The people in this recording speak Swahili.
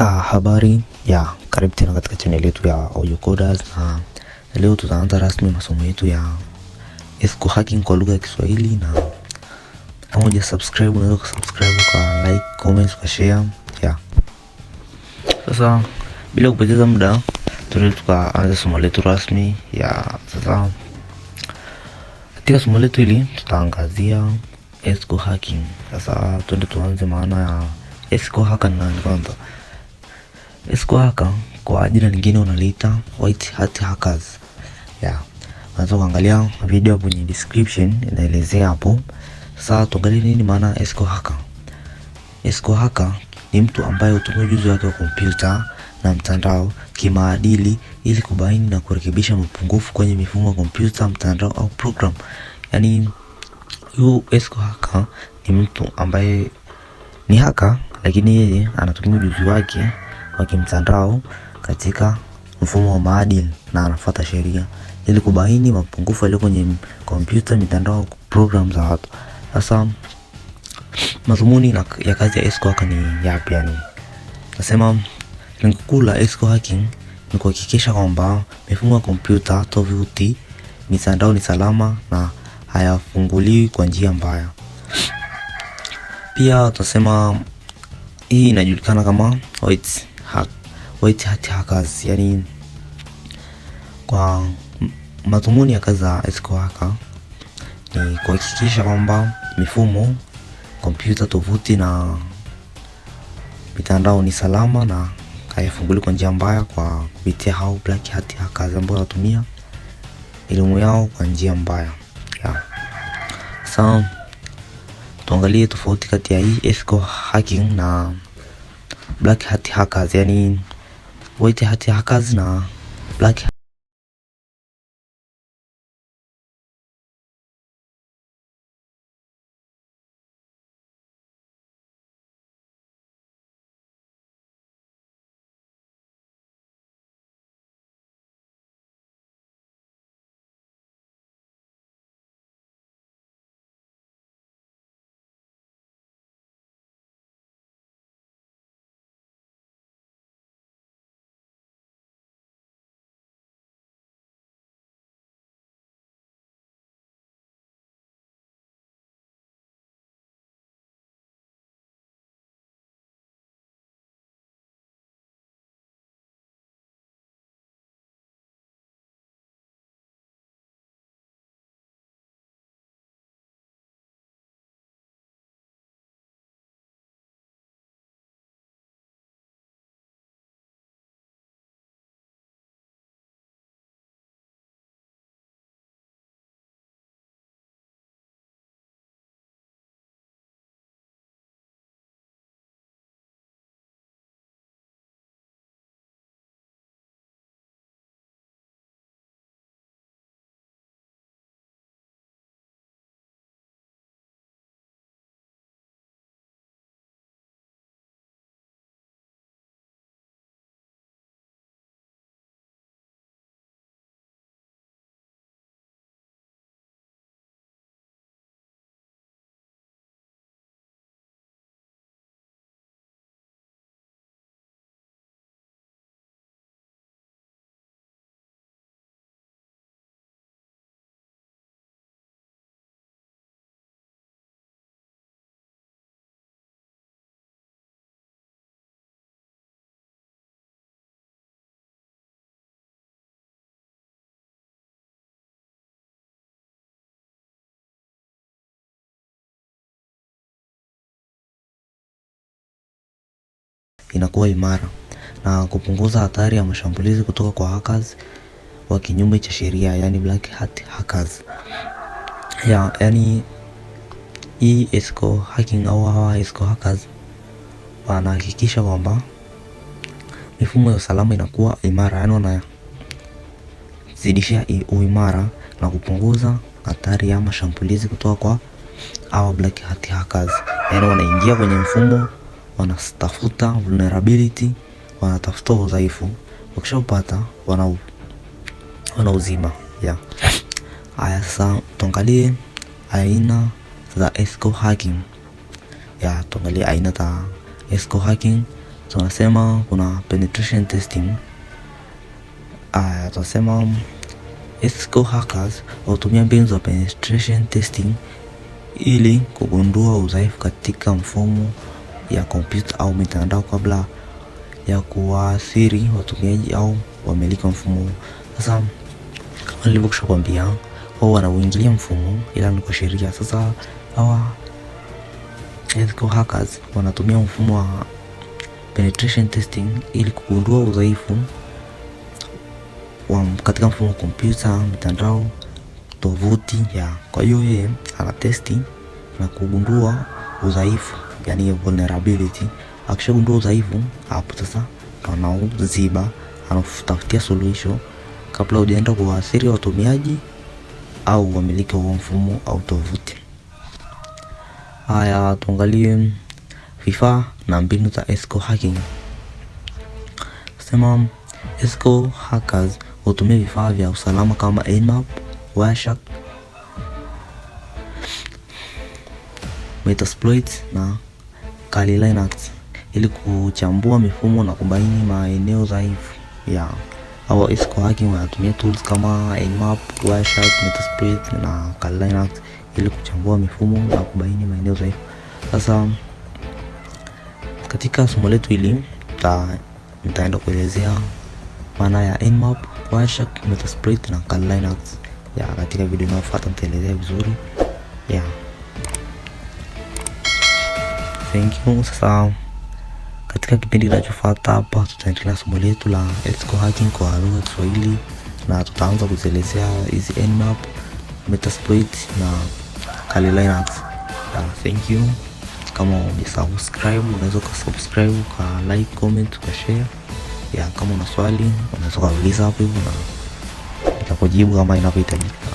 Ah, habari ya karibu tena katika channel yetu ya Audio Coders na leo tutaanza rasmi masomo yetu ya ethical hacking kwa lugha ya Kiswahili, na kama uja subscribe unaweza kusubscribe kwa like, comment, kwa share yeah. Sasa bila kupoteza muda tuende tukaanza somo letu rasmi ya sasa. Katika somo letu hili tutaangazia ethical hacking. Sasa tuende tuanze maana ya ethical hacking nani kwanza Siku haka kwa jina lingine unaliita white hat hackers. Yeah. Unaweza kuangalia video kwenye description inaelezea hapo. Sasa tuangalie nini maana esco hacker. Esco hacker ni mtu ambaye hutumia ujuzi wake wa kompyuta na mtandao kimaadili ili kubaini na kurekebisha mapungufu kwenye mifumo ya kompyuta, mtandao au program. Yaani huyu esco hacker ni mtu ambaye ni hacker, lakini yeye anatumia ujuzi wake wa kimtandao katika mfumo wa maadili na anafuata sheria ili kubaini mapungufu yaliyo kwenye kompyuta, mitandao, program za watu. Sasa madhumuni ya kazi ya ESCO hacker ni yapi? Yani nasema lengo kuu la ESCO hacking ni kuhakikisha kwamba mifumo ya kompyuta, tovuti, mitandao ni salama na hayafunguliwi kwa njia mbaya. Pia tunasema hii inajulikana kama white white hat hackers, yani kwa madhumuni ya kazi za ethical hacker ni kuhakikisha kwamba mifumo, kompyuta, tovuti na mitandao ni salama na haifunguliwi kwa njia mbaya, kwa kupitia hao black hat hackers ambao wanatumia elimu yao kwa njia mbaya yeah. so, tuangalie tofauti kati ya hii ethical hacking na black hat hackers yani ঐতিহাসিক আকাজ না inakuwa imara na kupunguza hatari ya mashambulizi kutoka kwa hackers wa kinyume cha sheria, yani black hat hackers. Ya, yani hii ESCO hacking au hawa ESCO hackers wanahakikisha kwamba mifumo ya usalama inakuwa imara, yani wanazidisha uimara na kupunguza hatari ya mashambulizi kutoka kwa hawa black hat hackers, yani wanaingia kwenye mfumo wanatafuta vulnerability, wanatafuta udhaifu, wakishaupata wana wanauzima yeah. Haya, sasa tuangalie aina za esco hacking ya yeah, tuangalie aina za esco hacking. Tunasema kuna penetration testing. Aya, tunasema esco hackers hutumia mbinu za penetration testing ili kugundua udhaifu katika mfumo ya kompyuta au mitandao kabla ya kuwaathiri watumiaji au wamiliki wa mfumo huo. Sasa kama nilivyokwisha kuambia, wao wanauingilia mfumo ila ni kwa sheria. Sasa hawa ethical hackers wanatumia mfumo wa penetration testing ili kugundua udhaifu katika mfumo wa kompyuta, mitandao, tovuti ya. Kwa hiyo yeye ana testi na kugundua udhaifu yani vulnerability. Akishagundua udhaifu, hapo sasa ndo anauziba, anatafutia suluhisho kabla hujaenda kuwaathiri watumiaji au wamiliki wa mfumo au tovuti. Haya, tuangalie vifaa na mbinu za esco hacking. Sema esco hackers hutumia vifaa vya usalama kama Nmap, Wireshark, Metasploit na Kali Linux ili kuchambua mifumo na kubaini maeneo dhaifu ya au OS kwa hacking. Wanatumia tools kama Nmap, Wireshark, Metasploit na Kali Linux ili kuchambua mifumo na kubaini maeneo dhaifu. Sasa katika somo letu hili nitaenda kuelezea maana ya Nmap, Wireshark, Metasploit na Kali Linux ya katika video inayofuata nitaelezea vizuri ya yeah thank you. Sasa katika kipindi kinachofuata hapa tutaendelea somo letu la ethical hacking kwa lugha ya Kiswahili na tutaanza kuzielezea hizi Nmap, Metasploit na Kali Linux. Uh, thank you. Kama umesubscribe unaweza ukasubscribe uka like, comment, uka share. Ya, kama una swali unaweza ukauliza hapo hivyo na nitakujibu kama inavyohitajika.